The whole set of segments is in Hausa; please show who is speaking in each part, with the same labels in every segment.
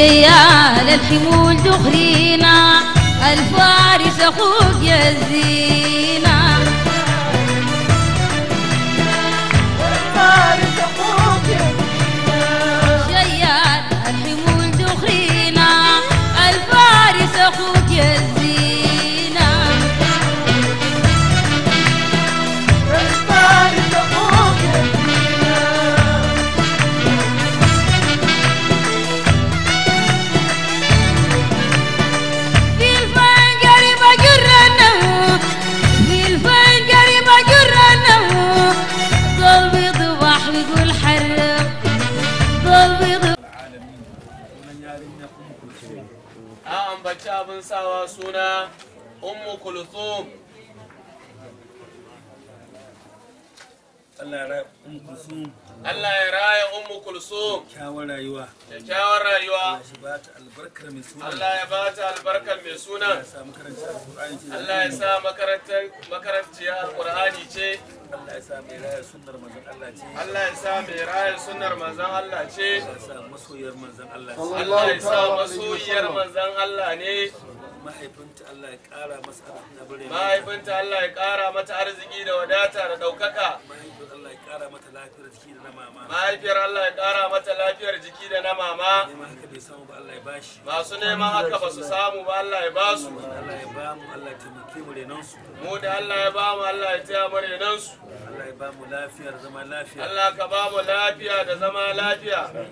Speaker 1: ليالي الحمول دخرينا الفارس خوف
Speaker 2: Allah ya
Speaker 3: raya ummu kulsum Allah ya raya ummu ya bata sa makarantar
Speaker 4: makarantar alqur'ani ce Allah ya sa mai raya sunnar manzon Allah ce Allah ya sa mai raya sunnar
Speaker 3: Allah ne mahaifinta Allah ya ƙara masa arziki mahaifinta
Speaker 4: Allah ya ƙara mata arziki da wadata da ɗaukaka mahaifiyar Allah ya ƙara mata lafiyar jiki da na mama mahaifiyar Allah ya ƙara mata lafiyar jiki da na mama
Speaker 3: haka bai samu ba Allah ya bashi masu neman haka ba su samu ba Allah ya Allah ya ba mu Allah ya taimake mu renon su mu da Allah ya ba mu Allah ya taya mu renon su Allah ya ba mu zama lafiya Allah ka ba
Speaker 1: mu lafiya da zama lafiya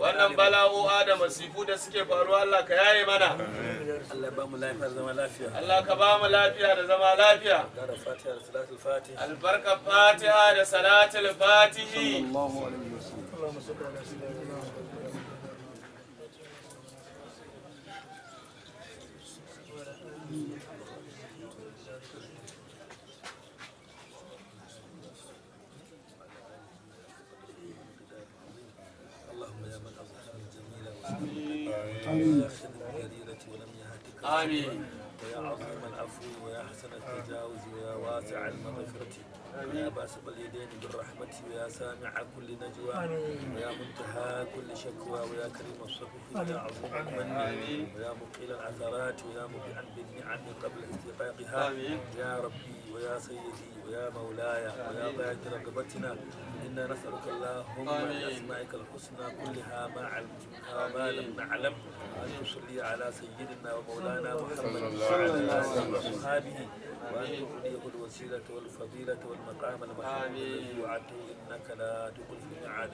Speaker 3: wannan
Speaker 4: bala'o'a da masifu da suke faruwa Allah ka yaye mana
Speaker 3: Allah ba mu lafiya zama lafiya Allah ka ba mu lafiya da zama lafiya albarkar fatiha da salatul fatihi آمين آمين ويا عظيم العفو ويا حسن التجاوز ويا واسع المغفرة يا باسم اليدين بالرحمة ويا سامع كل نجوى ويا منتهى كل شكوى ويا كريم الصحف ويا عظيم المن ويا مقيل العثرات ويا مبيعا بالنعم قبل استحقاقها يا ربي ويا سيدي ويا مولاي ويا ضيعت رقبتنا إنا نسألك اللهم بأسمائك الحسنى كلها ما علمتها وما لم نعلم أن تصلي على سيدنا ومولانا محمد صلى وعلى آله وصحبه وأن يبلغ الوسيلة والفضيلة والمقام المحمود الذي وعدته إنك لا تخلف الميعاد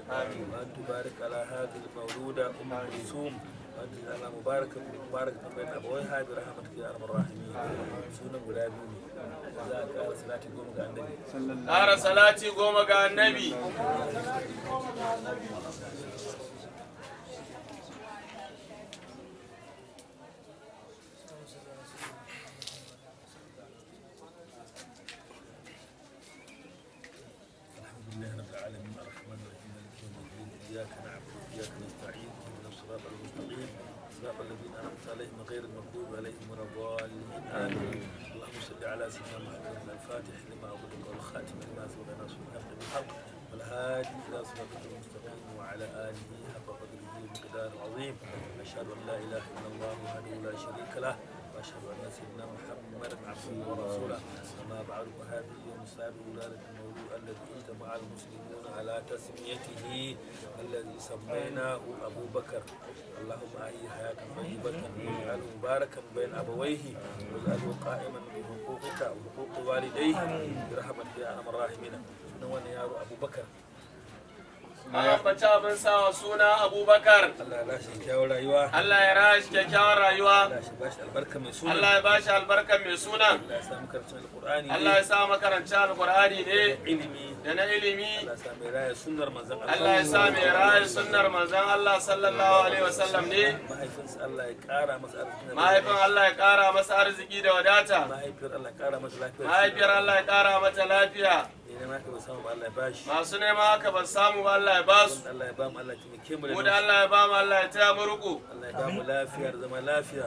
Speaker 3: وأن تبارك على هذه المولودة أم كلثوم وأن تجعلها مباركة مباركة بين أبويها برحمتك يا أرحم الراحمين سنة ولا بني za a ƙara salati goma ga annabi ƙara salati goma ga annabi واشهد ان سيدنا محمدا عبده ورسوله اما بعد فهذه هي مصاب ولاده المولود الذي اجتمع المسلمون على تسميته الذي سميناه ابو بكر اللهم احي حياه طيبه واجعله مباركا بين ابويه واجعله قائما بحقوقك وحقوق والديه برحمتك يا ارحم الراحمين wannan yaro abubakar a ambaci sa sawa suna abubakar Allah ya bashi kyakkyawar rayuwa Allah ya kyakkyawar rayuwa Allah ya bashi albarka
Speaker 4: mai suna Allah ya sa makaranta alkur'ani ne ilimi da na ilimi Allah
Speaker 3: ya sa mai raya sunnar manzon Allah sallallahu alaihi wasallam ne mahaifin Allah ya kara masa arziki da wadata mahaifiyar Allah ya kara mata lafiya
Speaker 4: masu nema haka ba samu ba Allah ya ba
Speaker 3: su mu da Allah ya ba mu Allah ya taya murku. riko Allah ya ba mu lafiya zama lafiya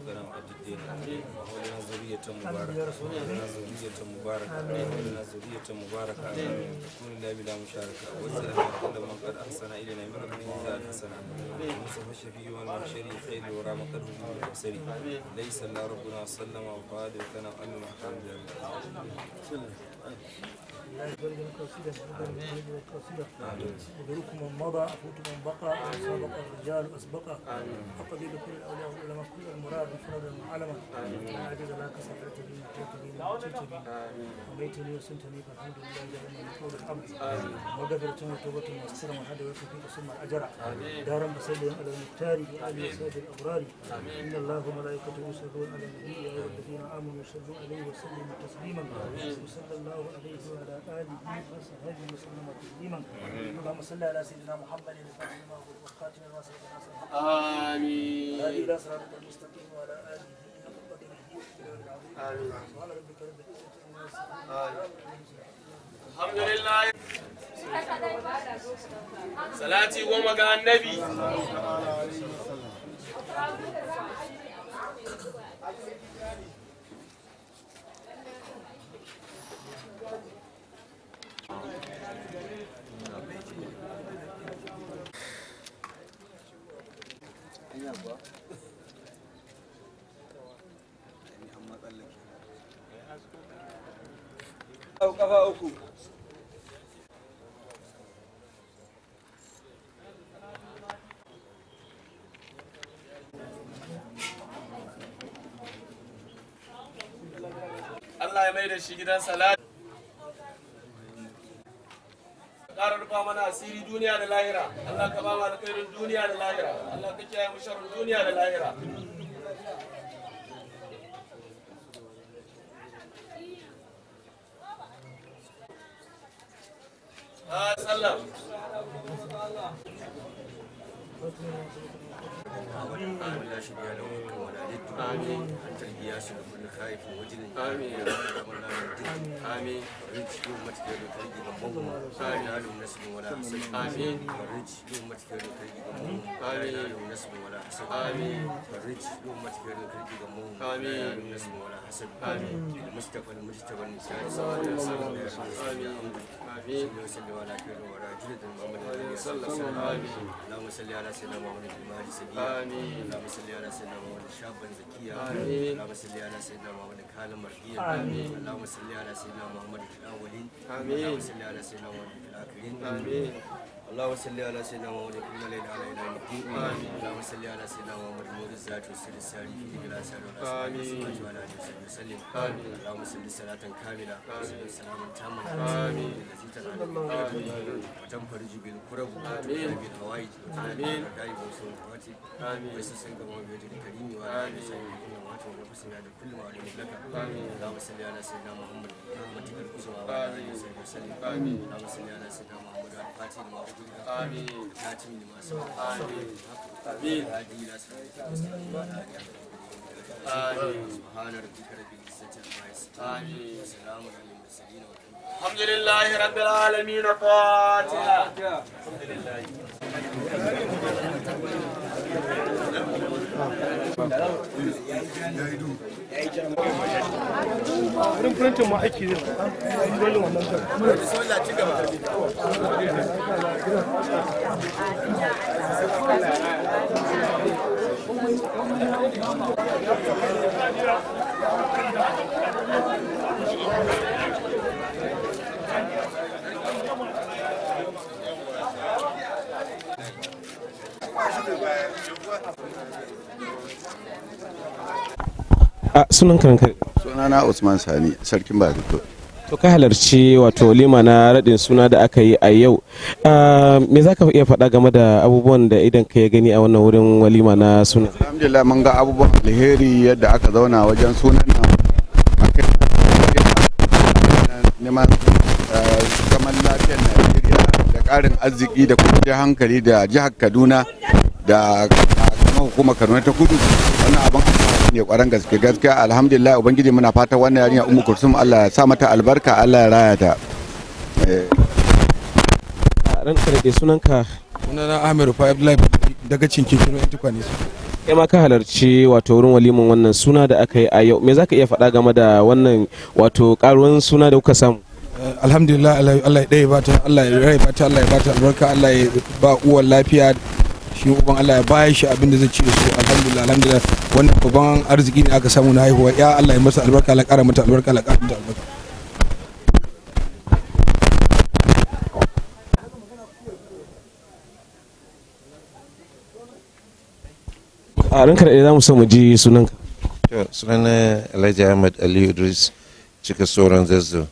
Speaker 2: at the dinner.
Speaker 5: ذرية مباركة وجعلنا ذرية مباركة وجعلنا ذرية مباركة تكون لا بلا مشاركة واسألنا كل من قد أحسن إلينا من الجزاء الحسنة يوسف الشفيع والمحشر خير الورى مقده المبصري ليس إلا ربنا سلم وقال وكان أن محكم
Speaker 3: وذلكم من مضى أفوت من بقى سبق الرجال أسبق أقضي سخطني وأتيتني وأتيتني وبيتني وسنتني فالحمد لله جعلني من قول الحمد وقدرتني وتوبة وسرا وحدا وتوفيق ثم أجرا دارا بسلم على المختار بآل وسائر الأبرار إن الله وملائكته يصلون على النبي يا أيها الذين آمنوا صلوا عليه وسلموا تسليما وصلى الله عليه وعلى آله وصحبه
Speaker 6: وسلم تسليما اللهم صل على سيدنا محمد الفاتح والخاتم الواسع
Speaker 4: آمين هذه إلى
Speaker 7: صراط المستقيم وعلى آله آمين الحمد
Speaker 4: لله
Speaker 6: صلاتي goma ga annabi Thank you.
Speaker 4: أو كفاؤكم الله يمين الشيكي دان صلاة قال ربا منا سيري دنيا للاهرة الله كبابا لكير الدنيا للاهرة الله كتير
Speaker 2: مشار الدنيا للاهرة ummati da dokar gidan አሜን። اللهم صل على سيدنا محمد وعلى اله وصحبه الدين اللهم صل على سيدنا محمد نور الذات وسر الساري في جلال الساري امين وعلى اله وصحبه وسلم امين اللهم صل صلاه كامله وسلم سلاما تاما امين الذي تنال امين وتنفرج بالكرب امين بالهوائج امين دائما وسلم واتي امين ويسسن كما بيد الكريم وعلى اله وصحبه وسلم واتي ونفسنا بكل ما علم لك امين اللهم صل على سيدنا محمد رحمتك الكسوى وعلى اله وصحبه وسلم امين اللهم صل على سيدنا محمد الفاتح لما Alhamdulillah, Rabbil Alameen, Al-Fatiha. Alhamdulillah.
Speaker 8: wurin printin ma aiki
Speaker 9: Thank you. a sunan kanka
Speaker 8: sunana usman sani sarkin barito
Speaker 9: to ka halarci wato lima na raɗin suna da aka yi a yau me za ka iya faɗa game da abubuwan da idan ka ya gani a wannan wurin walima na suna
Speaker 10: alhamdulillah mun ga abubuwan alheri yadda aka zauna wajen sunan nan
Speaker 8: neman eh, zaman lafiyar najeriya
Speaker 10: da ƙarin arziki da kwanciyar hankali da jihar kaduna da kuma hukumar kaduna ta kudu wannan abin ne kwaran gaske gaskiya alhamdulillah ubangiji muna fata wannan yarinya ummu kursum Allah ya sa mata albarka Allah ya raya ta eh.
Speaker 9: ran karbe sunanka sunana Ahmed Rufai Abdullahi daga cinkin kino yan tukwane su kai ma ka halarci wato wurin walimin wannan suna da aka yi a yau me zaka iya faɗa game da wannan wato karuwan suna da kuka samu
Speaker 8: eh, alhamdulillah Allah ya ɗaya bata Allah ya rai bata Allah ya bata albarka Allah ya ba uwan lafiya shi uban Allah ya baya shi abin da zai ci da su alhamdulillah alhamdulillah wannan babban arziki ne aka samu na haihuwa ya Allah ya masa albarka la kara mata albarka la kara mata albarka
Speaker 9: a ranka da za mu so mu ji sunanka sunan Alhaji Ahmad Ali Idris cika sauran zazzau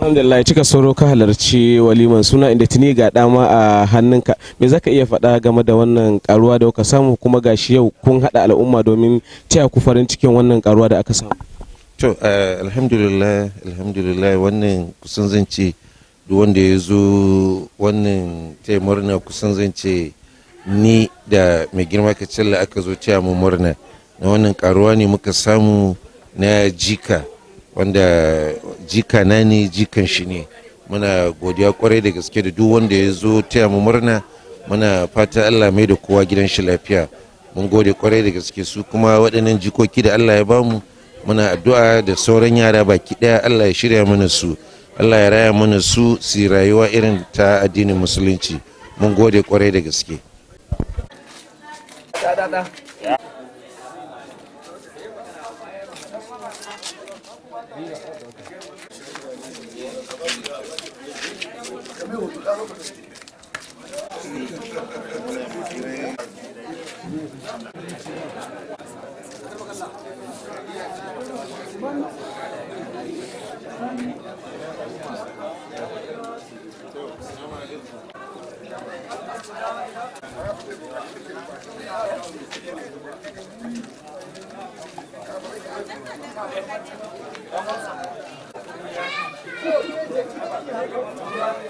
Speaker 9: alhamdulillah cika soro ka halarci waliman suna inda tuni ga dama a hannunka me zaka iya faɗa game da wannan karuwa da kuka samu kuma gashi yau kun haɗa al'umma domin taya ku farin cikin wannan karuwa da aka samu
Speaker 10: to eh, alhamdulillah alhamdulillah wannan kusan ce duk wanda ya zo wannan taya murna kusan ce ni da
Speaker 9: mai girma cilla aka zo taya mu murna na wannan karuwa ne muka samu na jika wanda jika na ne jikan shi ne muna godiya kwarai da gaske da duk wanda ya zo taya mu murna muna fata allah mai da kowa gidan shi lafiya mun gode kwarai da gaske su kuma waɗannan jikoki da allah ya bamu muna addu'a da sauran yara baki ɗaya allah ya shirya mana su allah ya raya mana su su rayuwa irin ta addinin musulunci mun gode kwarai da gaske 夢を解かろうとしている。
Speaker 11: Thank you.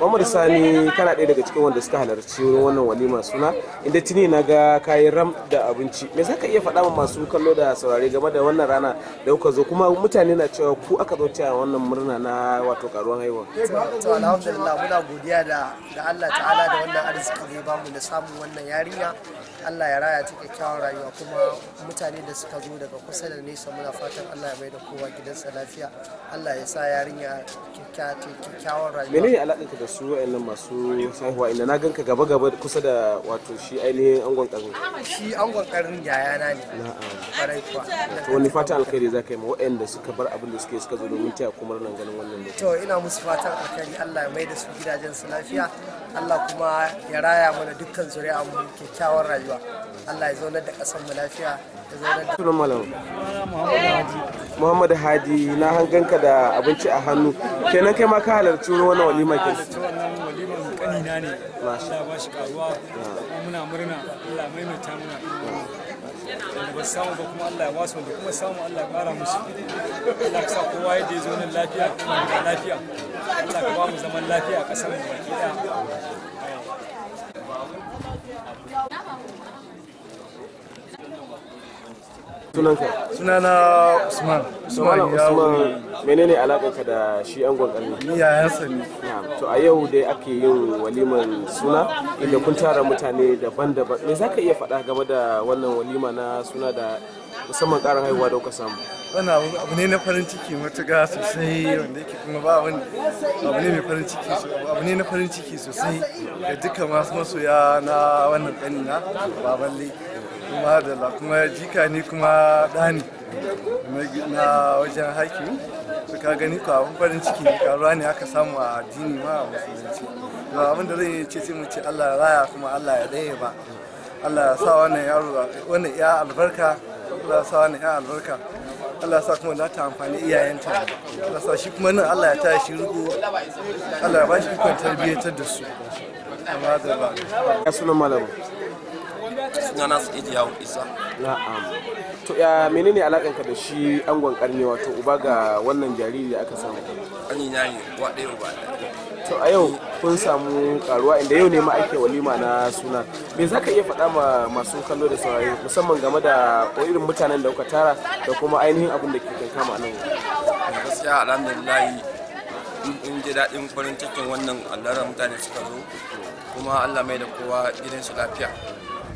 Speaker 9: mamar Sani kana ɗaya daga cikin wanda suka halarci wurin wannan walima suna inda tuni na ga kayan ram da abinci. Me za ka iya faɗa ma masu kallo da saurari game da wannan rana da kuka zo kuma mutane na cewa ku aka zo ta wannan murna na wato karuwan haihuwa. Eh,
Speaker 6: alhamdulillah muna godiya da Allah ta'ala da wannan
Speaker 7: arziki da ya bamu da samun wannan yarinya. Allah ya raya ta kyakkyawan rayuwa kuma mutane da suka zo daga kusa da nesa muna fatan Allah ya mai da kowa gidansa lafiya. Allah ya sa yarinya kyakkyawan rayuwa. Menene
Speaker 9: alaƙar da su wa'annan masu haihuwa inda na ganka gaba gaba kusa da wato shi ainihin angon karin
Speaker 7: shi angon karin yayana ne
Speaker 9: na'am to wani fata alkhairi za ka yi ma wa'anda suka bar abin da suke suka zo domin taya kuma nan ganin wannan to
Speaker 7: ina musu fatan alkhairi Allah ya mai da su gidajen su lafiya Allah kuma ya raya mana dukkan zuri'a mu kyakkyawar rayuwa Allah ya zaunar da ƙasar mu lafiya ya
Speaker 2: zaunar da
Speaker 9: sunan malam Muhammad Hadi na hanganka da abinci a hannu kenan kai ma ka halarci wannan walima ke
Speaker 2: wannan waliman kanina ne Allah
Speaker 3: ba shi karuwa muna murna Allah maimaita muna ba samu ba kuma Allah ya ba su kuma samu Allah ya kara musu Allah ka sa kowa ya je zo nan lafiya
Speaker 2: kuma da lafiya Allah ka ba mu zaman lafiya a kasar mu baki daya sunanka sunana usman usman usman menene
Speaker 9: ka da shi an kalmi ne yayansa ne to a yau dai ake yin waliman suna inda kun tara mutane daban-daban me za ka iya faɗa game da wannan walima na suna da musamman ƙarin haihuwa da kuka samu
Speaker 6: wannan abu ne na farin ciki matuƙa sosai wanda yake kuma ba wani abu ne mai farin ciki abu ne na farin ciki sosai ga dukkan masu masoya na wannan ƙanina baballe kuma da kuma jika ni kuma ɗani na wajen haƙi su ka gani ko abin farin ciki ne karuwa ne aka samu a addini ma a musulunci ba abin da zai ce sai mu ce Allah ya raya kuma Allah ya ɗaya ba Allah ya sa wannan yaro wannan ya albarka Allah ya sa wannan ya albarka Allah ya sa kuma za amfani iyayenta Allah sa shi kuma nan Allah ya taya shi riko Allah ya ba shi ikon tarbiyyatar da su amma
Speaker 9: da ba
Speaker 6: sunan malamu
Speaker 5: sunana su idi yawo isa na'am
Speaker 9: to ya menene alakan ka da shi angon karni wato uba ga wannan jariri da aka samu
Speaker 5: ani na ne uwa ɗaya uba
Speaker 9: to a yau kun samu karuwa inda yau ne ma ake walima na suna me za ka iya faɗa ma masu kallo da saurayi, musamman game da irin mutanen da kuka tara da kuma ainihin abin da ke kankama a nan
Speaker 5: gaskiya alhamdulillah in ji daɗin farin cikin wannan allara mutane suka zo kuma allah mai da kowa gidansu lafiya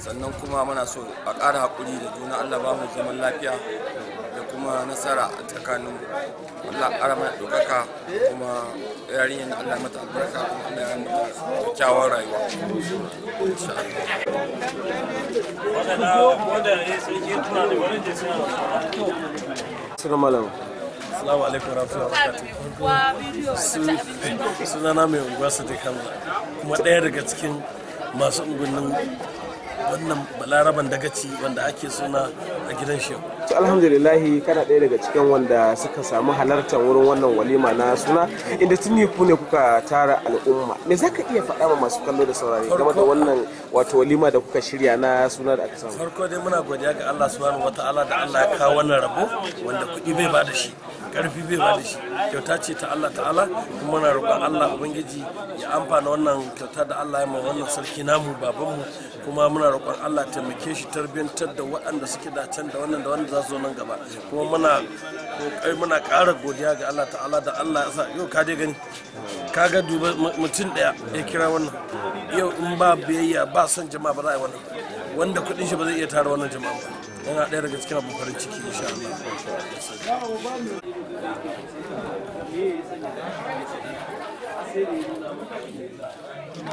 Speaker 5: sannan kuma muna so a ƙara haƙuri da juna allah ba mu zaman lafiya da kuma nasara a tsakanin allah ƙara mana ɗaukaka kuma yarinyar da allah mata albarka kuma allah ya mata kyakkyawar rayuwa
Speaker 9: Assalamu alaikum. Assalamu alaikum
Speaker 3: rahmatullahi Sunana mai unguwa Sadiq Hamza kuma ɗaya daga cikin
Speaker 9: masu ungunin
Speaker 3: wannan balaraban dagaci wanda ake suna a gidan shi
Speaker 9: alhamdulillah kana ɗaya daga cikin wanda suka samu halartar wurin wannan walima na suna inda tuni ku ne kuka tara al'umma me zaka iya faɗa ma masu kallo da saurari game da wannan wato walima da kuka shirya na suna da aka samu
Speaker 3: farko dai muna godiya ga Allah subhanahu ta'ala da Allah ya kawo wannan rabo wanda kuɗi bai ba da shi karfi bai ba da shi kyauta ce ta Allah ta'ala kuma muna roƙon Allah ubangiji ya amfana wannan kyauta da Allah ya ma wannan sarki namu babanmu kuma muna roƙon Allah taimake shi tarbiyantar da waɗanda suke da can da wannan da wanda za su zo nan gaba kuma muna kokari muna ƙara godiya ga Allah ta'ala da Allah ya sa yau ka dai gani ka ga duba mutum ɗaya ya kira wannan yau in ba biyayya ba son jama'a ba za a yi wannan wanda kuɗin shi ba zai iya tara wannan jama'a ba yana ɗaya daga cikin abin farin ciki insha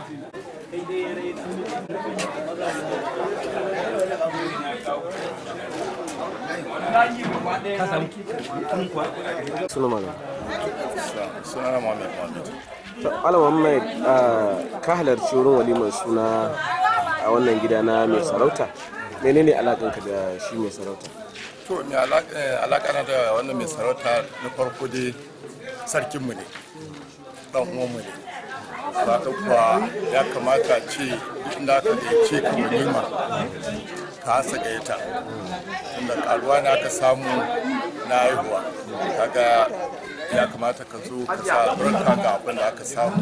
Speaker 3: Allah
Speaker 5: suna
Speaker 9: mana
Speaker 8: suna muhammad
Speaker 9: ala mai, ka halarci wurin walimar suna a wannan gida na mai sarauta menene alakanka da shi mai sarauta
Speaker 8: to mai alakana eh, da wannan mai sarauta na farko dai sarkinmu ne dan uwanmu ne sata kuwa ya kamata ce inda aka ce ka walima ka hasa gaita tunda karuwa na ka samu na haihuwa kaga ya kamata ka zo ka sa barka ga abin da aka samu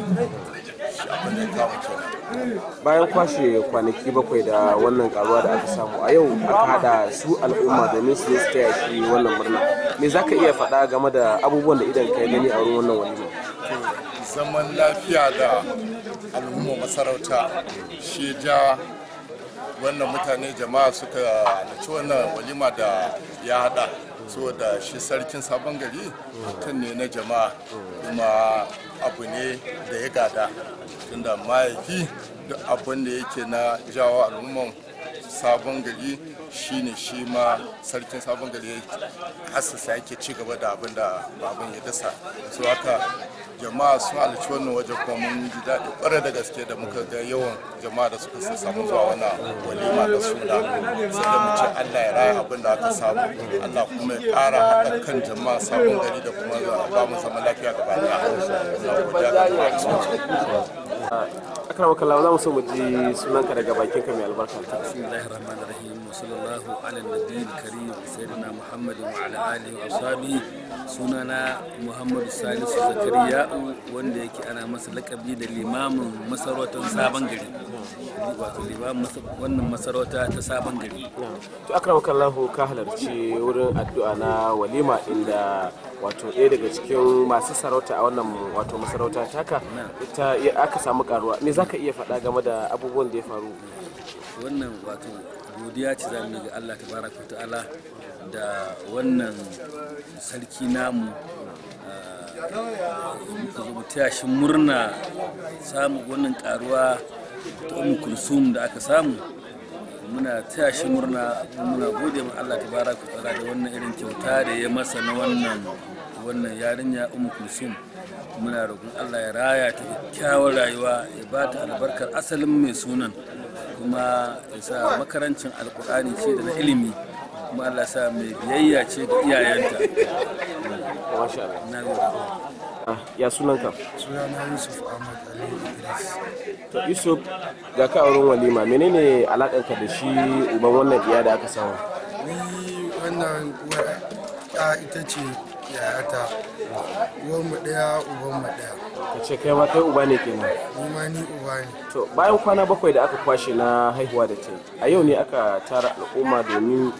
Speaker 8: abin da kawo kenan
Speaker 9: bayan kwashe kwanaki bakwai da wannan karuwa da aka samu a yau aka hada su al'umma domin su su taya shi wannan murna me za ka iya faɗa game da abubuwan da idan kai gani a wurin wannan walima
Speaker 8: zaman lafiya da al'umma masarauta shi ja wannan mutane jama'a suka halarci wannan walima da ya hada so da shi sarkin sabon gari mutum ne na jama'a kuma abu ne da ya gada tunda mahaifi duk abin da yake na jawo al'umman sabon gari shine shi ma sarkin sabon gari hassasa yake ci gaba da abin da baban ya dasa su haka jama'a sun halarci wannan waje kuma mun ji daɗi ƙwarar da gaske da muka ga yawan jama'a da suka samu zuwa wani walima da su da sai da mu ce Allah ya raya abin da aka samu Allah kuma ya ƙara haɗa kan jama'a sabon gari da kuma ba mu zama lafiya
Speaker 6: gaba da Allah ku ja ga
Speaker 9: akrama kallahu za mu so mu ji sunanka daga bakin ka albarka bismillahir rahmanir rahim sallallahu ala nabiyil
Speaker 3: karim sayyidina muhammadin wa ala alihi wa ashabi sunana muhammad salisu zakariya wanda yake ana masa lakabi da limamin masarautar sabon gari wato limamin wannan masarauta ta sabon gari
Speaker 9: to akramaka allah ka halarci wurin addu'a na walima inda wato ɗaya daga cikin masu sarauta a wannan wato masarauta taka ita aka samu karuwa me zaka iya faɗa game da abubuwan da ya faru wannan wato godiya ci za mu ga Allah tabaraka ta'ala
Speaker 3: da wannan sarki namu ah, ta zo shi murna samu wannan karuwa ta umu kulsum da aka samu muna ta shi murna muna gode ma Allah tabaraka ta'ala da wannan irin kyauta da ya masa na wannan wannan yarinya umu kulsum muna roƙon Allah ya raya ta kyakkyawar rayuwa ya ba ta albarkar asalin mai sunan kuma sa makarancin alkur'ani ce da na ilimi kuma Allah sa mai biyayya ce ga iyayenta
Speaker 9: ah, ya sunanka
Speaker 2: sunana yusuf ahmad ali idris
Speaker 9: to yusuf ga ka auren walima menene alakanka da shi uban wannan iya da aka samu
Speaker 10: ni wannan uwa ita ce yayata
Speaker 6: uwan mu daya uban mu daya
Speaker 9: ka ce kai ma kai uba ne kenan ni ni
Speaker 6: uba ne to bayan kwana
Speaker 9: bakwai da aka kwashe na haihuwa da ta a yau ne aka tara al'umma domin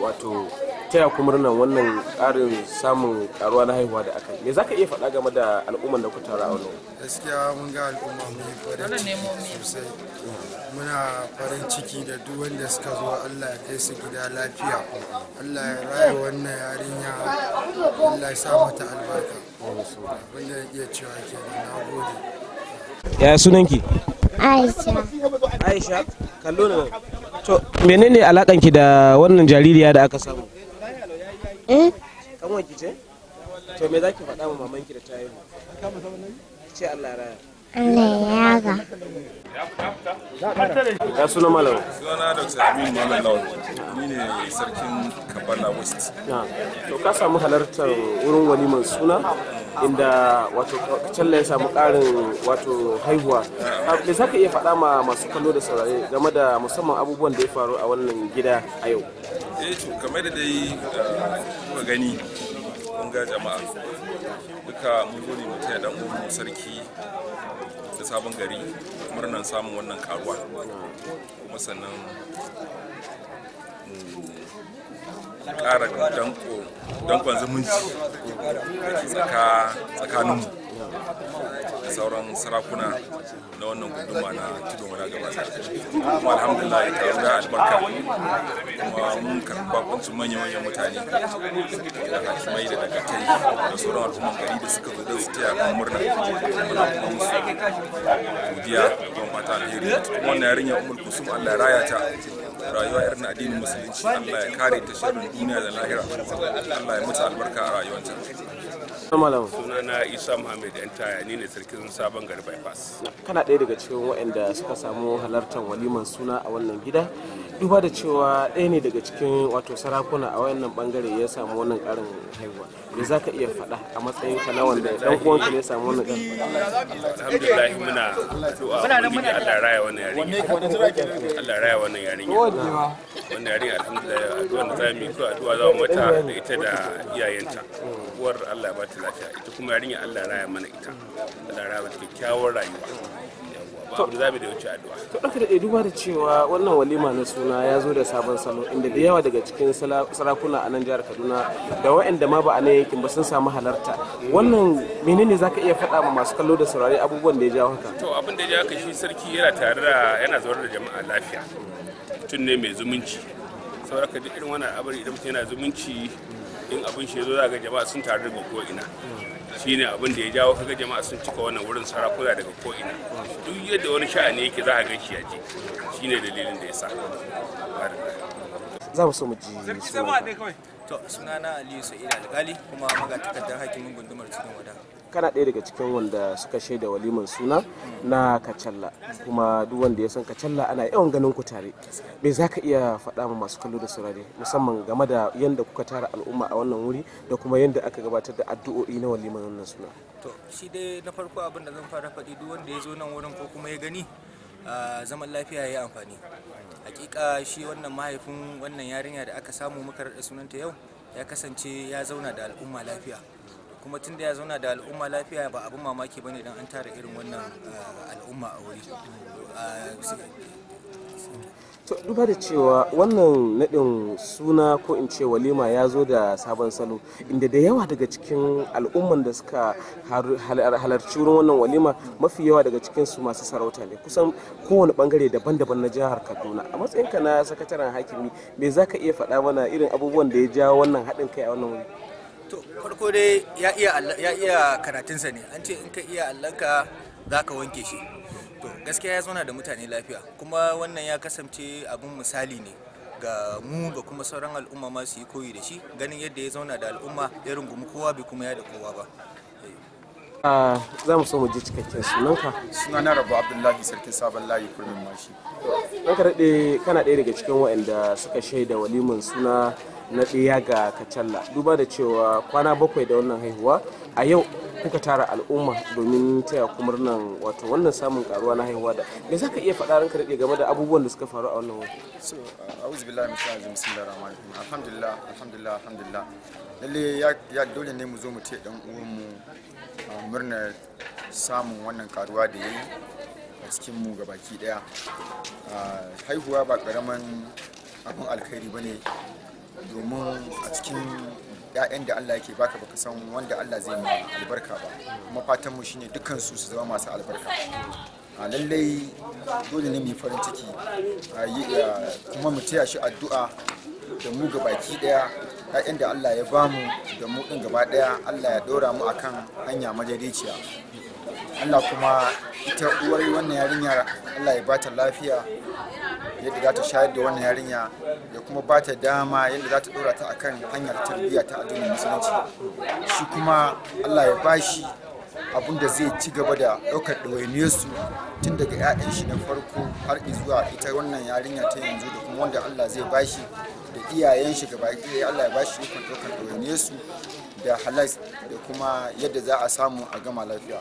Speaker 9: wato taya ku wannan ƙarin samun ƙaruwa na haihuwa da aka yi me ka iya faɗa game da al'umman da ku tara a wannan
Speaker 10: gaskiya mun ga al'umma mun yi farin ciki sosai muna farin ciki da duk wanda suka zo Allah ya kai su gida lafiya Allah ya raya wannan yarinya
Speaker 6: Allah ya
Speaker 10: sa mata albarka
Speaker 9: abinda sunanki aisha aisha kallo ne to menene alakanki da wannan jaririya da aka samu eh? kanwanki ce to me zaki faɗa wa mamanki da ta yi ce Allah raya Allah ya suna malam
Speaker 5: suna dr amin malam ni ne sarkin
Speaker 9: west to ka samu halartar wurin waliman suna inda wato kacalla ya samu karin wato haihuwa ah, me za ka iya faɗa ma masu kallo da saurare game da musamman abubuwan da ya faru a wannan gida a yau
Speaker 5: eh to kamar da dai ah, kuka gani kun ga jama'a duka mun zo ne dan uwan sarki da sabon gari murnan samun wannan karuwa kuma sannan ƙara dankon zumunci tsakaninmu sauran sarakuna na wannan guduma na tudun wada gaba kuma alhamdulillah ta yi da albarka kuma mun karɓi bakuncin manya-manyan mutane da hakimai da dagatai da sauran al'umman gari da suka zo da su taya kan murna muna kuma musu godiya don mata alheri kuma wannan yarinya umar kusum allah raya ta rayuwa na addinin musulunci allah ya kare ta
Speaker 9: shirin
Speaker 7: duniya da lahira allah ya mutu albarka a rayuwanta sunana isa muhammad yan taya ni ne sarkin sabon gari bypass
Speaker 9: kana ɗaya daga cikin waɗanda suka samu halartar walimar suna a wannan gida duba da cewa ɗaya ne daga cikin wato sarakuna a wannan bangare ya samu wannan karin haihuwa me za ka iya faɗa a matsayin ka na wanda ɗan uwanka ne ya samu wannan ƙarin alhamdulillah
Speaker 1: muna addu'a ubangiji Allah raya wannan
Speaker 7: yarinya Allah raya wannan yarinya wannan yarinya alhamdulillah addu'a da za mu yi ko addu'a za mu mata da ita da iyayenta uwar Allah ya ba ta lafiya ita kuma yarinya Allah raya mana ita Allah raya mata kyakkyawar rayuwa ba abu da zamu da wuce addu'a
Speaker 9: to da da duba da cewa wannan walima na suna ya zo da sabon salon inda da yawa daga cikin sarakuna a nan jihar Kaduna da waɗanda ma ba a nan yankin ba sun samu halarta wannan menene zaka iya faɗa ma masu kallo da saurari abubuwan da ya jawo haka
Speaker 7: to abin da ya jawo haka shi sarki yana tare da yana zaune da jama'a lafiya tun ne mai zumunci saboda ka irin wannan abin idan mutum yana zumunci in abin shi zo za ga jama'a sun taru daga ko ina ne abin da ya jawo kaga jama'a sun cika wannan wurin sarakuna daga ko ina duk yadda wani sha'ani yake za a gan shi shi ne dalilin da ya sa
Speaker 9: za mu so mu ji
Speaker 5: to sunana Aliyu sa'idu Alƙali kuma magatakardar hakimin gundumar cikin wada
Speaker 9: kana ɗaya daga cikin wanda suka shaida waliman suna na kacalla kuma duk wanda ya san kacalla ana yawan ganin ku tare me za ka iya faɗa ma masu kallo da saurare musamman game da yadda kuka tara al'umma a wannan wuri da kuma yadda aka gabatar da addu'o'i na waliman wannan suna to
Speaker 5: shi dai na farko abin da zan fara faɗi duk wanda ya zo nan wurin ko kuma ya gani zaman lafiya ya yi amfani hakika shi wannan mahaifin wannan yarinya da aka samu muka raɗa sunanta yau ya kasance ya zauna da al'umma lafiya kuma tun da ya zauna da al'umma lafiya ba abin mamaki ba ne don an tara irin wannan eh, al'umma a wuri
Speaker 9: to duba da cewa wannan nadin suna ko in ce walima ya zo da sabon salo inda da yawa daga cikin al'umman da suka halarci wurin wannan walima mafi yawa daga cikin su masu sarauta ne kusan kowane bangare daban-daban na jihar kaduna a matsayinka na sakataren hakimi me za ka iya faɗa mana irin abubuwan da ya ja wannan haɗin kai a wannan wuri to farko dai ya iya ya iya
Speaker 5: karatunsa ne an ce in ka iya allanka za ka wanke shi to gaskiya ya zauna da mutane lafiya kuma wannan ya kasance abin misali ne ga mu ga kuma sauran al'umma ma su yi koyi da shi ganin yadda ya zauna da al'umma ya rungumi kowa bai kuma ya da kowa ba
Speaker 9: za mu so mu ji cikakken sunanka sunana rabu
Speaker 10: abdullahi sarkin sabon layi kurmin mashi
Speaker 9: ɗan ka daɗe kana ɗaya daga cikin waɗanda suka shaida walimin suna na ɗaya ga kacalla duba da cewa kwana bakwai da wannan haihuwa a yau kuka tara al'umma domin taya ku murnan wato wannan samun karuwa na haihuwa da me zaka iya faɗa
Speaker 10: ranka daɗe game da abubuwan da suka faru a wannan wata so uh, a'udhu billahi min shaitanir rajim bismillahir rahmanir rahim alhamdulillah alhamdulillah alhamdulillah lalle ya dole ne mu zo mu taya dan uwan mu uh, murnar samun wannan karuwa da yayi a cikin mu gabaki daya uh, haihuwa ba karaman abin alkhairi bane domin a cikin ‘ya'yan da Allah yake baka baka san wanda Allah zai ma albarka ba kuma fatan mu shine dukkan su su zama masu albarka a lallai dole ne mu farin ciki kuma mu taya shi addu'a da mu ga baki daya ‘ya'yan da Allah ya bamu da mu din gaba daya Allah ya dora mu akan hanya madaidaiciya Allah kuma ita uwar wannan yarinya, Allah ya bata lafiya yadda za ta shayar da wannan yarinya ya kuma ba ta dama yadda za ta dora ta akan hanyar tarbiyya ta addinin musulunci shi kuma Allah ya bashi abun da zai ci gaba da ɗaukar ɗawainiyarsu tun daga 'ya'yan shi na farko har zuwa ita wannan yarinya ta yanzu da kuma wanda Allah zai bashi da iyayen shi gaba ɗaya Allah ya bashi ikon ɗaukar ɗawainiyarsu da halas da kuma yadda za a samu a gama lafiya.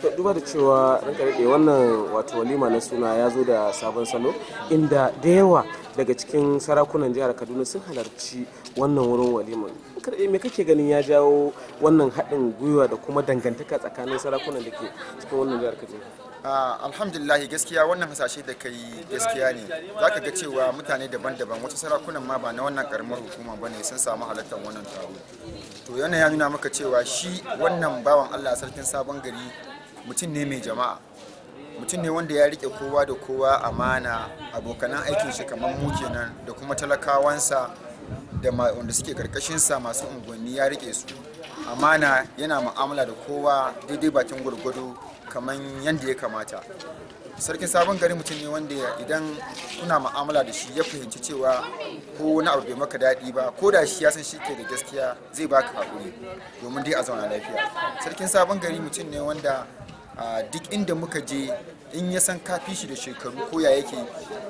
Speaker 9: to duba da cewa ranka daɗe wannan wato walima na suna ya zo da sabon salo inda da yawa daga cikin sarakunan jihar kaduna sun halarci wannan wurin waliman karɗe eh, me kake ganin ya jawo wannan haɗin gwiwa da kuma dangantaka tsakanin sarakunan da ke cikin wannan jihar
Speaker 10: kaduna alhamdulillah gaskiya wannan hasashe da kai gaskiya ne za ka ga cewa mutane daban-daban wasu sarakunan ma ba na wannan karamar hukuma ba ne sun samu halartar wannan taro to yana ya nuna maka cewa shi wannan bawan allah sarkin sabon gari mutum ne mai jama'a mutum ne wanda ya rike kowa da kowa amana abokanan aikin shi kamar muke nan da kuma talakawansa da wanda suke karkashin sa masu unguwanni ya rike su amana yana mu'amala da kowa daidai bakin gwargwado kamar yadda ya kamata sarkin sabon gari mutum ne wanda idan kuna mu'amala da shi ya fahimci cewa ko wani abu bai maka daɗi ba ko da shi ya san shi ke da gaskiya zai baka haƙuri domin dai a zauna lafiya sarkin sabon gari mutum ne wanda duk inda muka je in ya san kafi shi da shekaru ko ya yake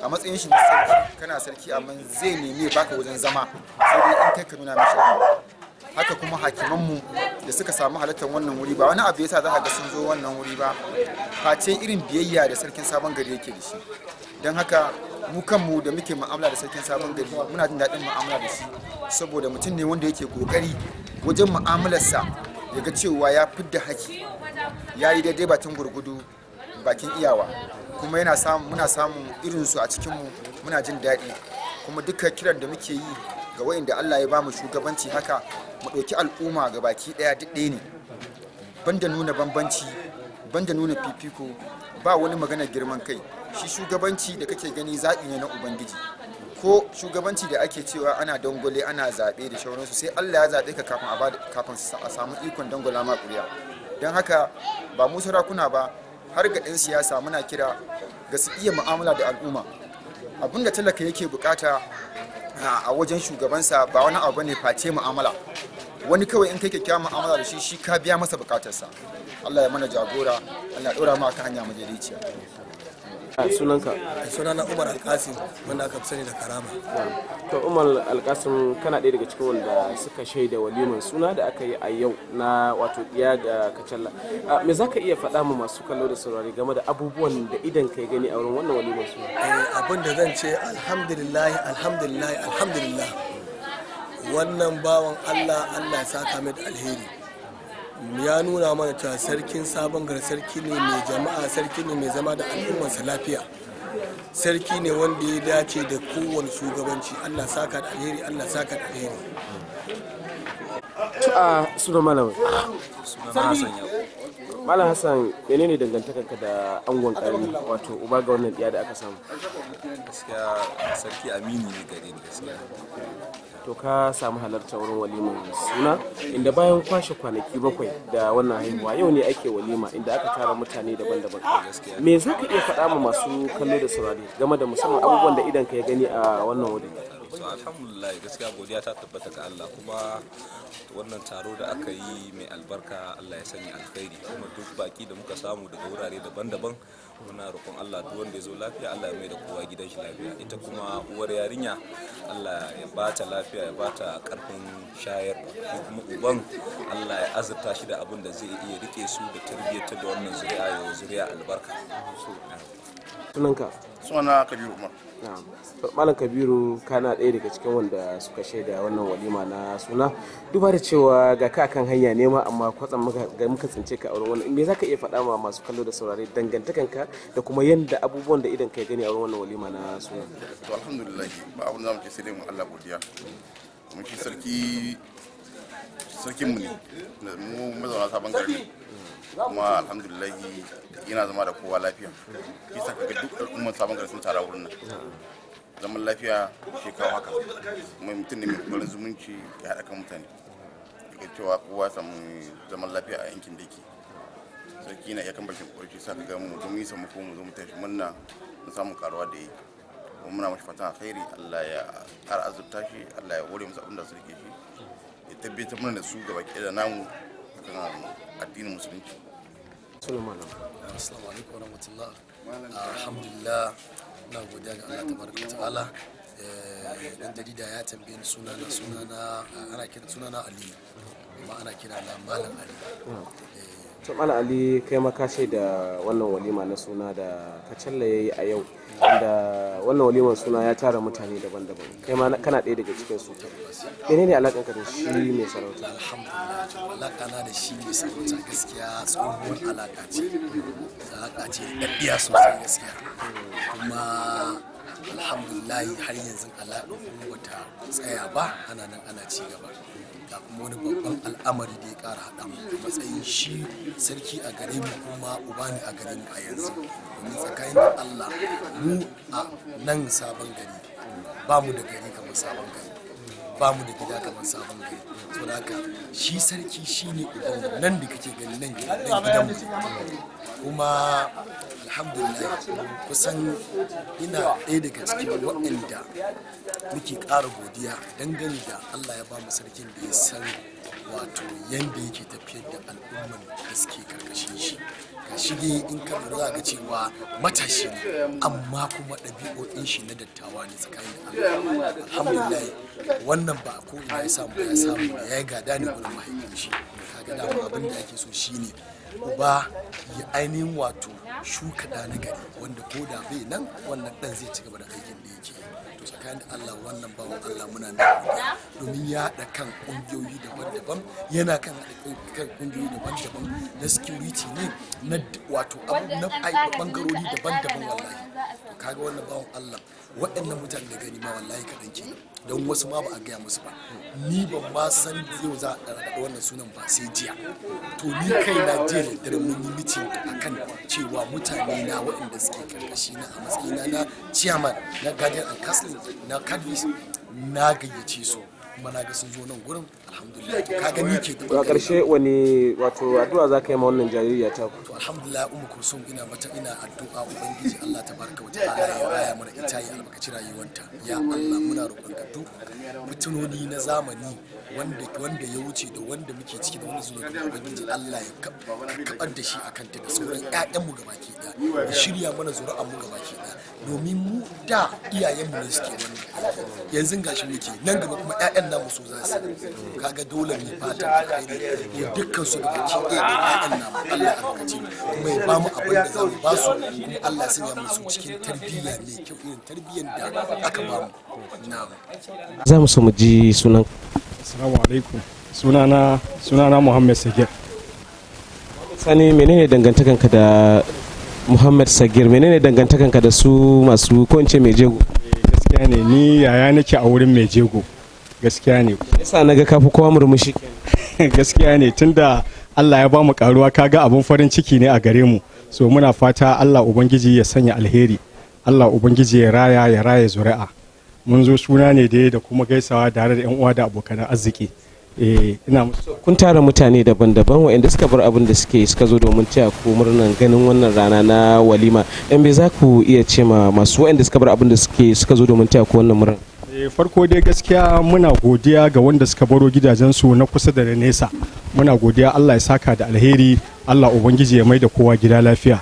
Speaker 10: a matsayin shi na sarki kana sarki amma zai nemi baka wajen zama sai dai in kai ka nuna mishi haka kuma hakimanmu da suka samu halartar wannan wuri ba wani abu yasa za a ga sun zo wannan wuri ba face irin biyayya da sarkin sabon gari yake da shi don haka mu kanmu da muke mu'amala da sarkin sabon gari muna jin daɗin mu'amala da shi saboda mutum ne wanda yake kokari wajen mu'amalarsa ya ga cewa ya fidda haƙi ya yi daidai bakin gurgudu bakin iyawa kuma yana samu muna samun irinsu a cikinmu muna jin daɗi kuma duka kiran da muke yi ga wayanda Allah ya bamu shugabanci haka mu ɗauki al'umma ga baki ɗaya duk ɗaya ne banda nuna bambanci banda nuna fifiko ba wani magana girman kai shi shugabanci da kake gani zaɓi ne na ubangiji ko shugabanci da ake cewa ana dangole ana zaɓe da shauransu sai allah ya zaɓe ka kafin a kafin a samu ikon dangola ma ƙuriya don haka ba mu sarakuna ba har ga 'yan siyasa muna kira ga su iya mu'amala da al'umma abin da talaka yake bukata a wajen shugabansa ba wani abu ne face mu'amala wani kawai in kai kyakkyawan mu'amala da shi shi ka biya masa bukatarsa allah ya mana jagora allah ya ɗora ma ka hanya madaidaiciya Ah, sunanka sunana umar alkasim wanda aka sani da karama
Speaker 9: to umar alkasim kana ɗaya daga cikin wanda suka shaida waliman suna da aka yi a yau na wato ɗiya ga kacalla ah, me za ka iya faɗa mu masu kallo da saurari game da abubuwan da idan ka gani a wurin wannan
Speaker 6: waliman suna eh, abin da zan ce alhamdulillah alhamdulillah alhamdulillah wannan bawan allah allah ya saka mai da alheri ya nuna mana cewa sarkin sabon gar sarki ne mai jama'a sarki ne mai zama da al'ummarsa lafiya sarki ne wanda ya dace da kowane shugabanci allah saka da alheri allah saka da alheri
Speaker 9: a ah, suna malam malam hassan ne dangantakarka da angon karni wato uba ga wannan diya da aka samu
Speaker 5: gaskiya sarki amini ne gare ni gaskiya
Speaker 9: to ka samu halarta wurin walima suna inda bayan kwashe kwanaki bakwai da wannan haihuwa yau ne ake walima inda aka tara mutane daban-daban me za ka iya faɗa ma masu kallo da saurari game da musamman abubuwan da idan ka ya gani a wannan wurin so alhamdulillah gaskiya
Speaker 5: godiya ta tabbata ga Allah kuma wannan taro da aka yi mai albarka Allah ya sanya alkhairi kuma duk baki da muka samu daga wurare daban-daban muna roƙon Allah duk wanda ya zo lafiya Allah ya mai da kowa gidan shi lafiya ita kuma uwar yarinya Allah ya bata lafiya ya bata karfin shayar kuma uban Allah ya azurta shi da abin da zai iya rike su da tarbiyyar da wannan zuriya yau zuriya albarka
Speaker 9: sunanka
Speaker 8: suna kabiru umar
Speaker 9: malam kabiru kana ɗaya daga cikin wanda suka shaida wannan walima na suna duba da cewa ga ka kan hanya nema amma kwatsam ga muka tsince ka a wurin wannan me zaka iya faɗa ma masu kallo da saurare dangantakanka da kuma yanda abubuwan da idan kai gani a wannan walima na suna to alhamdulillah ba abun da ce sai dai mu Allah godiya
Speaker 8: mun sarki sarkin mu ne mu mazauna sabon garin kuma alhamdulillah yana zama da kowa lafiya kisa kaga duk al'ummar sabon garin sun tara wurin nan zaman lafiya shi kawo haka mai mutum ne mai kwarin zumunci ya haɗa kan mutane daga cewa kowa samu zaman lafiya a yankin da ke sarki na kan bakin ƙorafi sa ga gamu don yi samu mu zo mu tashi murna na samun karuwa da yi kuma muna mashi fatan alkhairi Allah ya ƙara azurta shi Allah ya ware musu abin da su rike shi ya tabbatar mana da su gaba ɗaya da namu akan addinin
Speaker 6: musulunci sunan malam assalamu alaikum warahmatullah alhamdulillah na godiya ga Allah tabaraka ta'ala eh, dan jarida ya tambaye ni sunana sunana ana kira sunana Ali amma ana kira malam Ali
Speaker 2: hmm.
Speaker 9: tumala ali kai makashe da wannan walima na suna da kacalla ya yi a yau da wannan waliman suna ya tara mutane daban-daban kai ma kana ɗaya daga cikin su
Speaker 6: mene ne alaƙanka da shi mai sarauta alaƙana da shi mai sarauta gaskiya tsohuwar alaƙa ce alaƙa ce ɗaɗɗiya sosai gaskiya kuma alhamdulillah har yanzu alaƙa wata tsaya ba ana nan ana ci gaba da kuma wani babban al'amari da ya kara haɗa mu a matsayin shi sarki a gare mu kuma uba ne a gare mu a yanzu domin tsakanin Allah mu a nan sabon gari ba mu da gari kamar sabon gari ba mu da gida kamar sabon gari to haka shi sarki shine uban nan da kake gani nan gidan kuma alhamdulillah kusan ina ɗaya daga cikin waɗanda muke ƙara godiya dangane da Allah ya ba mu sarkin da ya san wato yanda yake tafiyar da al'umman da suke karkashin shi shi in ka lura za ka cewa matashi ne amma kuma ɗabi'o'in shi na dattawa ne tsakanin alhamdulillah wannan ba ko ina ya samu ya samu ya yi gada ne gurin mahaifin shi ga dama abin da ake so shine uba ya ainihin wato shuka ɗa na gari wanda ko da bai nan wannan ɗan zai cigaba da aikin da yake yi tsakanin Allah wannan bawan Allah muna na domin ya haɗa kan kungiyoyi daban-daban yana kan kan ƙungiyoyi daban-daban na security ne na wato na bangarori daban-daban wallahi kaga wannan bawan Allah waɗannan mutane da gani ma wallahi kaɗan kenan don wasu ma ba a gaya musu ba ni ba ma san yau za a ɗaɗa wannan sunan ba sai jiya to ni kai na jiya da dare mun yi a kan cewa mutane na waɗanda suke karkashi na a matsayina na chairman na guardian and castle na cadvis na gayyace su mana ga sun zo nan gurin alhamdulillah to ke da karshe
Speaker 9: wani wato addu'a ka yi ma wannan jaririya ta ku to
Speaker 6: alhamdulillah ummu kursum ina mata ina addu'a ubangiji Allah tabaraka wa ta'ala ya raya mana yi albarkaci rayuwanta ya Allah muna ka duk mutunoni na zamani wanda ya wuce da wanda muke ciki da wani zuwa da ubangiji Allah ya kaɓar da shi a kan da sauran ƴaƴanmu baki ɗaya da shirya mana a mu gabaki ɗaya domin mu da iyayenmu ne suke wani yanzu gashi muke nan gaba kuma ƴaƴan namu su za su kaga dole mai fata alkhairi ya dukkan su gabaki ɗaya da ƴaƴan namu Allah ya alkaci kuma ya ba abin da za mu ba su kuma Allah sun ya su cikin tarbiyya mai kyau irin tarbiyyar da aka ba mu na za mu so mu ji
Speaker 9: sunan
Speaker 12: Assalamu alaikum. Sunana sunana Muhammad Sagir.
Speaker 9: Sani menene dangantakanka da Muhammad Sagir menene dangantakanka da su masu ko mai jego? Eh, gaskiya ne ni yaya nake a wurin mai jego.
Speaker 12: Gaskiya ne. Yasa naga kafi kowa murmushi. Gaskiya ne tunda Allah ya bamu karuwa kaga abun farin ciki ne a gare mu. So muna fata Allah Ubangiji ya sanya alheri. Allah Ubangiji ya raya ya raya zuri'a. mun zo suna ne dai da kuma gaisawa da da yan uwa da abokan arziki eh,
Speaker 9: ina kun tara mutane daban-daban wa'inda suka bar abin da suke suka zo domin taya ko murnan ganin wannan rana na walima yan bai za ku iya ce ma masu wa'inda suka bar abin da suke suka zo domin taya ko wannan murnan
Speaker 12: eh, farko dai gaskiya muna godiya ga wanda suka baro gidajensu na kusa da nesa muna godiya Allah ya saka da alheri Allah ubangiji ya mai da kowa gida lafiya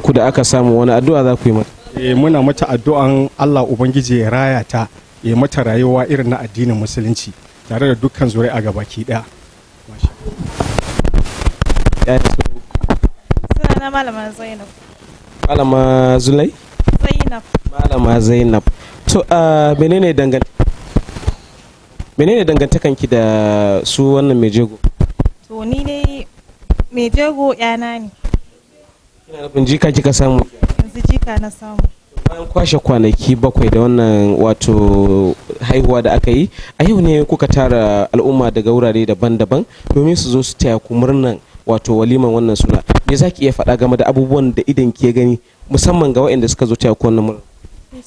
Speaker 9: ku da aka samu wani addu'a za ku yi mata e,
Speaker 12: muna mata addu'an Allah Ubangiji ya raya ta ya mata rayuwa irin na addinin musulunci tare da dukkan zuri'a a baki daya.
Speaker 11: Sunana Malama Zainab.
Speaker 9: Malama Zulai?
Speaker 11: Zainab. Malama
Speaker 9: Zainab. To a ah, menene dangantaka? Menene dangantakanki da su wannan Mejego?
Speaker 11: To ni dai Mejego yana ne. Ina
Speaker 9: nufin jika kika samu.
Speaker 11: yanzu jika na samu
Speaker 9: bayan kwashe kwanaki bakwai da wannan wato haihuwa da aka yi a yau ne kuka tara al'umma daga wurare daban-daban domin su zo su taya ku murnan wato waliman wannan suna me za ki iya faɗa game da abubuwan da idan ke gani musamman ga waɗanda suka zo taya ku wannan murna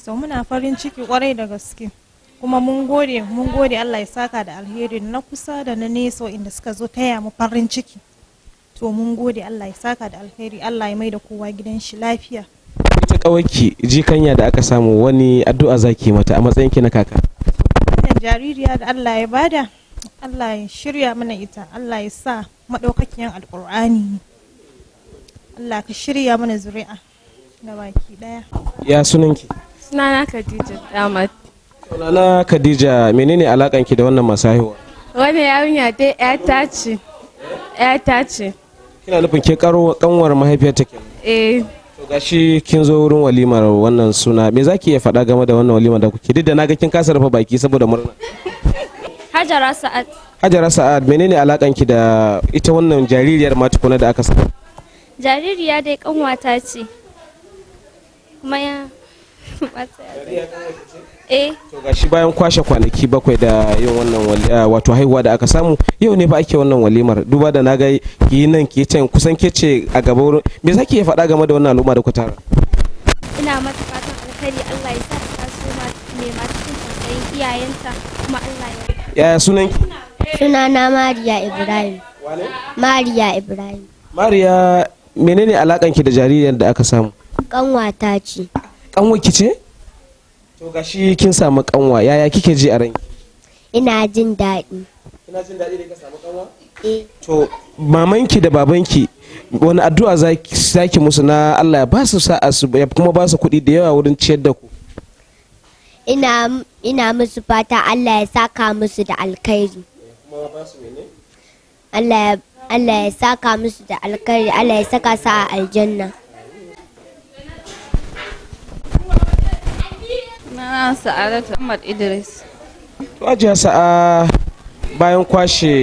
Speaker 11: so muna farin ciki kwarai da gaske kuma mun gode mun gode Allah ya saka da alheri na kusa da na nesa inda suka zo taya mu farin ciki to mun gode Allah ya saka da alheri Allah ya mai da kowa gidan shi lafiya
Speaker 9: ita kawaki kanya da aka samu wani addu'a zaki mata a matsayin ki na kaka
Speaker 11: jaririya da Allah ya bada Allah ya shirya mana ita Allah ya sa madaukakin alkur'ani
Speaker 1: Allah ka shirya mana zuri'a da baki daya
Speaker 9: ya sunanki
Speaker 1: sunana Khadija Damat
Speaker 9: sunana Khadija menene alakanki da wannan masahiwa
Speaker 11: Wani yarinya dai ya tace ya ce
Speaker 9: kina nufin ke karo kanwar mahaifiyarta kenan eh gashi kin zo wurin walimar wannan suna me zaki iya faɗa game da wannan walimar da kuke duk da naga kin kasa rufe baki saboda murna
Speaker 1: Hajara Sa'ad
Speaker 9: Hajara Sa'ad menene alakan ki da ita wannan jaririyar ma tukuna da aka sa
Speaker 1: Jaririya dai kanwata ce kuma ya eh
Speaker 9: to gashi bayan kwashe kwanaki bakwai da yin wannan ah, wato haihuwa da aka samu yau ne ba ake wannan walimar duba da na ga ki nan ki can kusan ke ce a gaba wurin me za iya faɗa game da wannan al'umma da kwatara.
Speaker 1: ina mata fatan alkhairi Allah ya sa ta so me ma cikin tausayin iyayenta kuma Allah
Speaker 9: ya yaya sunan ki
Speaker 12: sunana Mariya Ibrahim wane Mariya Ibrahim
Speaker 9: Mariya menene alakan ki da jaririn da aka samu
Speaker 12: kanwata ce
Speaker 9: kanwa ki ce to ga shi kin samu kanwa yaya kike ji a ranki
Speaker 12: ina jin daɗi ina jin daɗi da ka samu kanwa eh
Speaker 9: to mamanki da babanki wani addu'a za ki musu na Allah ya ba su sa'a su ya kuma ba su kuɗi da yawa wurin ciyar da ku
Speaker 12: ina ina musu fata Allah ya saka musu da alkhairi Allah ya saka musu da alkhairi Allah ya saka sa'a a aljanna
Speaker 1: na sa'adatu ahmad idris
Speaker 9: wajiya sa'a bayan kwashe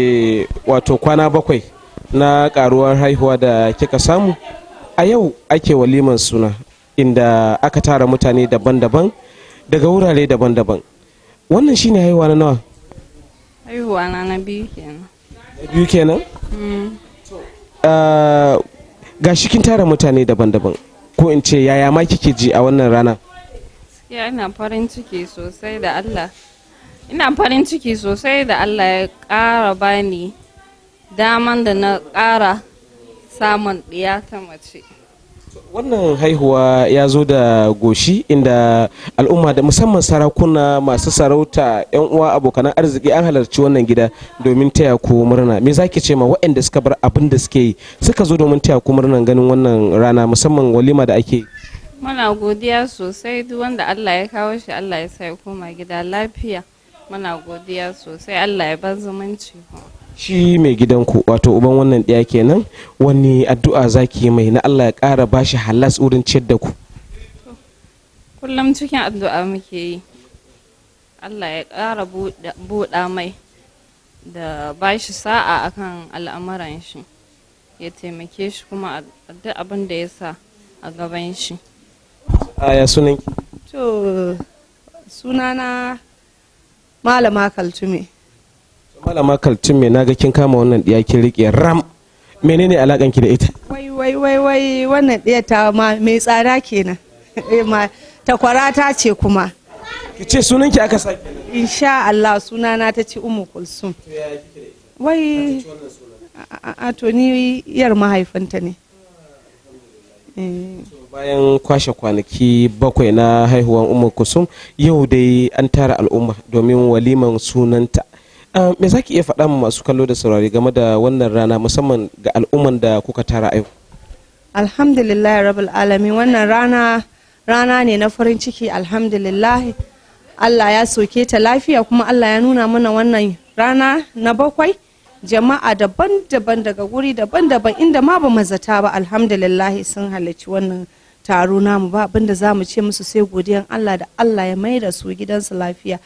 Speaker 9: wato kwana bakwai na karuwar haihuwa da kika samu a yau ake waliman suna inda aka tara mutane daban-daban daga wurare daban-daban wannan shine haihuwa na nawa
Speaker 1: haihuwa na na biyu kenan na biyu kenan mm.
Speaker 9: ga shi kin tara mutane daban-daban ko in ce yaya ma kike ji a wannan rana
Speaker 1: gaskiya ina farin ciki sosai da Allah ina farin ciki sosai da Allah ya ƙara bani daman da na ƙara samun ta mace
Speaker 9: wannan haihuwa ya zo da goshi inda al'umma da musamman sarakuna masu sarauta 'yan uwa abokan arziki an halarci wannan gida domin taya ku murna me zaki ce ma waɗanda suka bar abin da suke yi suka zo domin taya ku murna ganin wannan rana musamman walima da ake
Speaker 1: Muna godiya sosai duk wanda Allah ya kawo shi Allah ya sa ya koma gida lafiya. Muna godiya sosai Allah ya bar zumunci.
Speaker 9: Shi mai gidanku wato uban wannan ɗaya kenan wani addu'a zaki mai na Allah ya ƙara bashi halas wurin ciyar da ku.
Speaker 1: Kullum cikin addu'a muke yi. Allah ya ƙara buɗa mai da bashi sa'a akan al'amuran shi. ya taimake shi kuma duk abin da ya sa a gaban shi. ya sunan ki to sunana malama kaltume
Speaker 9: malama kaltume na ga kin kama wannan diya kin rike ram menene alakan ki da ita
Speaker 1: wai wai wai wai wannan diya ta ma mai tsada kenan eh ma takwara ta ce kuma ki ce sunan ki aka saki insha Allah sunana ta ce ummu kulsum wai a to ni yar mahaifinta ne Eh.
Speaker 9: bayan kwashe kwanaki bakwai na haihuwan umar kusum yau dai an tara al'umma domin waliman sunanta ah, me za ki iya faɗa masu kallo da saurari game da wannan rana musamman ga al'umman da kuka tara yau
Speaker 1: alhamdulillah rabul alami wannan rana rana ne na farin ciki alhamdulillah allah ya soke ta lafiya kuma allah ya nuna mana wannan rana na bakwai jama'a daban-daban daga wuri daban-daban inda ma ba mazata ba alhamdulillah sun halarci wannan taro namu ba abinda za mu ce musu sai godiyan Allah da Allah ya mai da su gidansu lafiya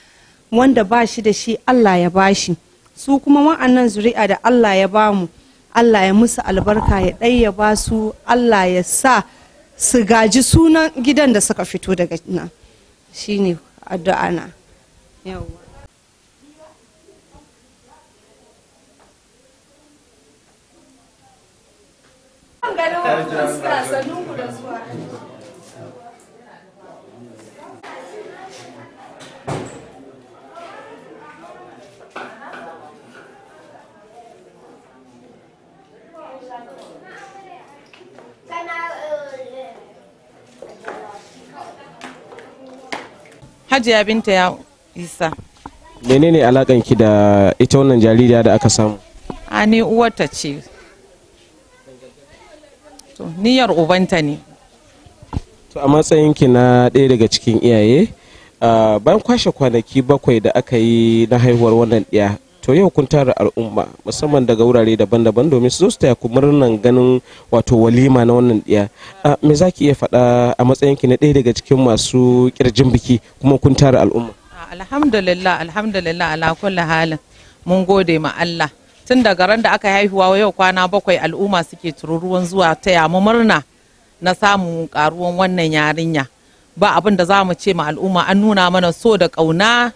Speaker 1: wanda ba shi da shi Allah ya ba shi su kuma wa'annan zuri'a da Allah ya ba mu Allah ya musu albarka ya ya ba su Allah ya sa su gaji sunan gidan da suka fito daga nan shine addu'a na yawa
Speaker 11: Hajiya Binta ya isa.
Speaker 9: Menene alakanki da ita wannan jaririya da aka samu?
Speaker 11: A ni uwarta ce. niyyar ubanta ne
Speaker 9: to a matsayinki na ɗaya daga cikin iyaye bayan kwashe kwanaki bakwai da aka yi na haihuwar wannan ɗaya to yau kun tara al'umma musamman daga wurare daban-daban domin su zo su taya ku murnan ganin wato walima na wannan ɗaya me za ki iya faɗa a matsayin matsayinki na ɗaya daga cikin masu ƙirjin biki kuma kun tara al'umma
Speaker 11: alhamdulillah alhamdulillah ala kulli halin mun gode ma Allah tun daga ran da aka haihuwa yau kwana bakwai al'umma suke tururuwan zuwa taya mu murna na samun karuwan wannan yarinya ba abin da za mu ce ma al'umma an nuna mana so da ƙauna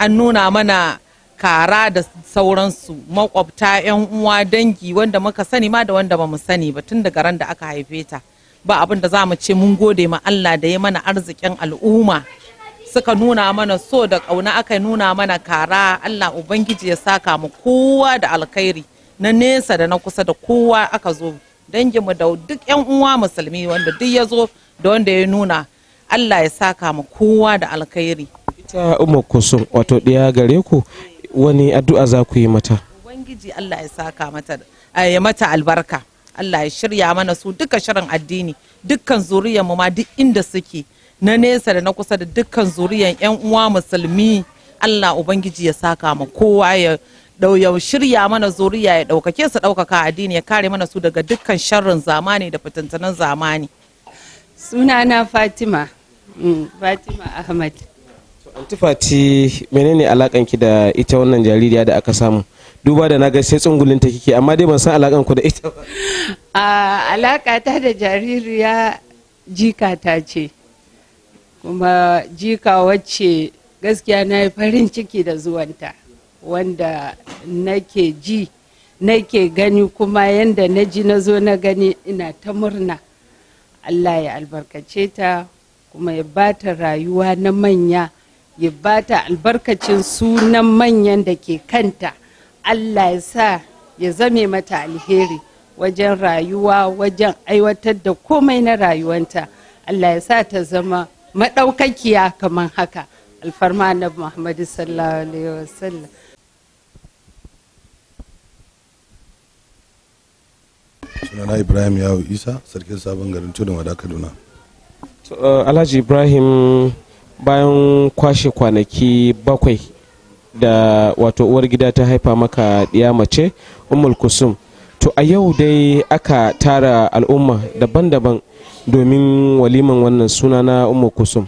Speaker 11: an nuna mana kara da sauransu makwabta 'yan uwa dangi wanda muka sani ma da wanda ba mu sani ba tun daga ran da aka haife ta ba abin da za mu ce mun gode ma Allah da ya mana arzikin al'umma suka nuna mana so da ƙauna aka nuna mana kara Allah Ubangiji ya saka mu kowa da alkhairi na nesa da na kusa da kowa aka zo danginmu da duk 'yan uwa musulmi wanda duk ya zo da wanda ya nuna Allah ya saka mu kowa da alkhairi.
Speaker 9: Ita Umar Kusum wato ɗaya gare ku wani addu'a za ku yi mata.
Speaker 11: Ubangiji Allah ya saka mata eh, ya mata albarka. Allah ya shirya mana su duka shirin addini dukkan zuriyar mu ma duk inda suke. na nesa da na kusa da dukkan zuriyan 'yan uwa musulmi Allah Ubangiji ya saka ma kowa ya ya shirya mana zuriya ya daukake su daukaka addini ya kare mana su daga dukkan sharrin zamani da fitintunan zamani. Suna na Fatima,
Speaker 1: mm, Fatima Ahmad.
Speaker 11: Anti Fati
Speaker 9: menene alakanki da ita wannan jaririya da aka samu? Duba da na ga sai ta kike amma dai ban san alakan ku da ita ba.
Speaker 1: Ah, Alaka ta da jaririya jikata ce. kuma jika wacce gaskiya na yi farin ciki da zuwanta wanda nake ji nake gani kuma yadda na ji na zo na gani ina ta murna allah ya albarkace ta kuma ya bata rayuwa na manya ya bata albarkacin sunan manyan da ke kanta allah ya sa ya zame mata alheri wajen rayuwa wajen aiwatar da komai na rayuwanta allah ya sa ta zama maɗaukakiya kamar haka alfarma na muhammadu sallallahu alaihi wasallam sunana
Speaker 8: ibrahim yawo isa sarkin sabon garin tudun wada kaduna
Speaker 9: uh, alhaji ibrahim bayan kwashe kwanaki bakwai da wato uwar gida ta haifa maka ɗiya mace umul kusum to a yau dai aka tara al'umma daban-daban domin waliman wannan suna na umma kusum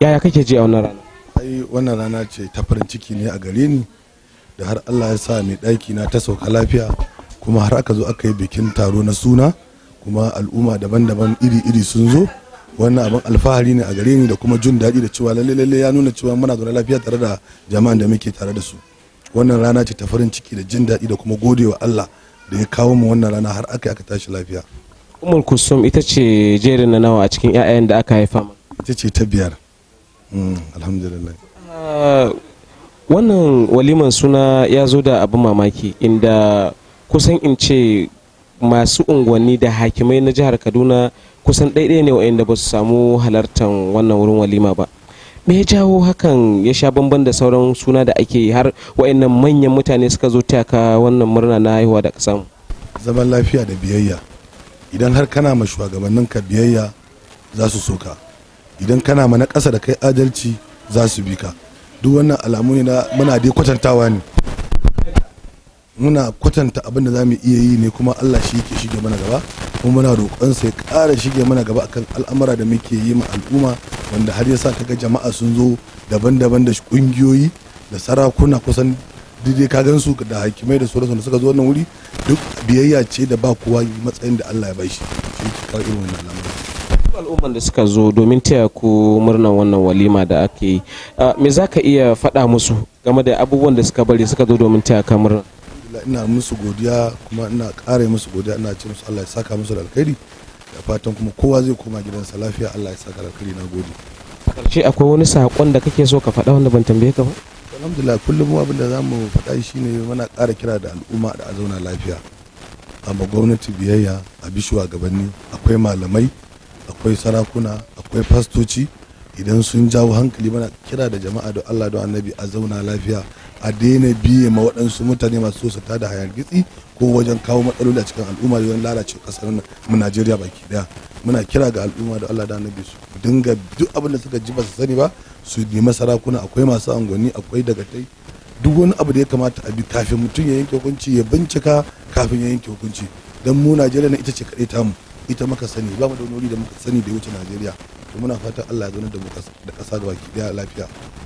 Speaker 8: yaya kake ji a wannan rana ai wannan rana ce ta farin ciki ne a gare ni da har allah ya sa ni ɗaki na ta sauka lafiya kuma har aka zo aka yi bikin taro na suna kuma al'umma daban-daban iri-iri sun zo wannan abin alfahari ne a gare ni da kuma jin daɗi da cewa lalle lalle ya nuna cewa muna zaune lafiya tare da jama'an da muke tare da su wannan rana ce ta farin ciki da jin daɗi da kuma godewa Allah da ya kawo mu wannan rana har aka yi aka tashi lafiya
Speaker 9: umul kusum ita ce jerin na nawa a cikin 'ya'yan da aka haifa ita ce
Speaker 8: ta biyar mm, alhamdulillah ah,
Speaker 9: wannan waliman suna ya zo da abin mamaki inda kusan in ce masu unguwanni da hakimai na jihar kaduna kusan ɗaiɗaya ne wa'inda ba su samu halartan wannan wurin walima ba me ya jawo hakan ya sha bamban da sauran suna da ake yi har wa'annan manyan mutane suka zo taka wannan murna na haihuwa da ka samu
Speaker 8: zaman lafiya da biyayya idan har kana ma shugabanninka biyayya za su so ka idan kana ma na ƙasa da kai adalci za su bi ka duk wannan alamu ne na muna dai kwatantawa ne muna kwatanta abin da za mu iya yi ne kuma allah shi yake shige mana gaba kuma muna roƙon sai ƙara shige mana gaba akan al'amura da muke yi ma al'umma wanda har yasa kaga jama'a sun zo daban-daban da ƙungiyoyi da sarakuna kusan dai ka gan su da hakimai da sauransu da suka zo wannan wuri duk biyayya ce da ba kowa yi matsayin da Allah ya bai shi shi ke kawo irin wannan lamarin
Speaker 9: al'umman da suka zo domin taya ku murnar wannan walima da ake yi me za ka iya faɗa musu game da abubuwan da suka bari suka zo domin taya ka murnar
Speaker 8: ina musu godiya kuma ina ƙara musu godiya ina ce musu Allah ya saka musu da alkhairi da fatan kuma kowa zai koma gidansa lafiya Allah ya saka alkhairi na gode
Speaker 9: karshe akwai wani saƙon da kake so ka faɗa wanda ban tambaye ka ba
Speaker 8: alhamdulillah kullum abin da za mu faɗa shi ne muna ƙara kira da al'umma da a zauna lafiya a gwamnati biyayya a bi shugabanni akwai malamai akwai sarakuna akwai fastoci idan sun jawo hankali mana kira da jama'a da Allah da annabi a zauna lafiya a daina biye ma waɗansu mutane masu so su tada hayar gitsi ko wajen kawo matsaloli a cikin al'umma wajen lalace kasar nan mu Najeriya baki daya muna kira ga al'umma da Allah da annabi su dinga duk abin da suka ji ba su sani ba su nemi sarakuna akwai masu angoni akwai tai duk wani abu da ya kamata a bi kafin mutum ya yanke hukunci ya bincika kafin ya yanke hukunci dan mu Najeriya na ita ce ta mu ita muka sani ba mu da wani da muka sani da ya wuce Najeriya to muna fatan Allah ya zauna da
Speaker 1: mu da kasa gaba baki daya lafiya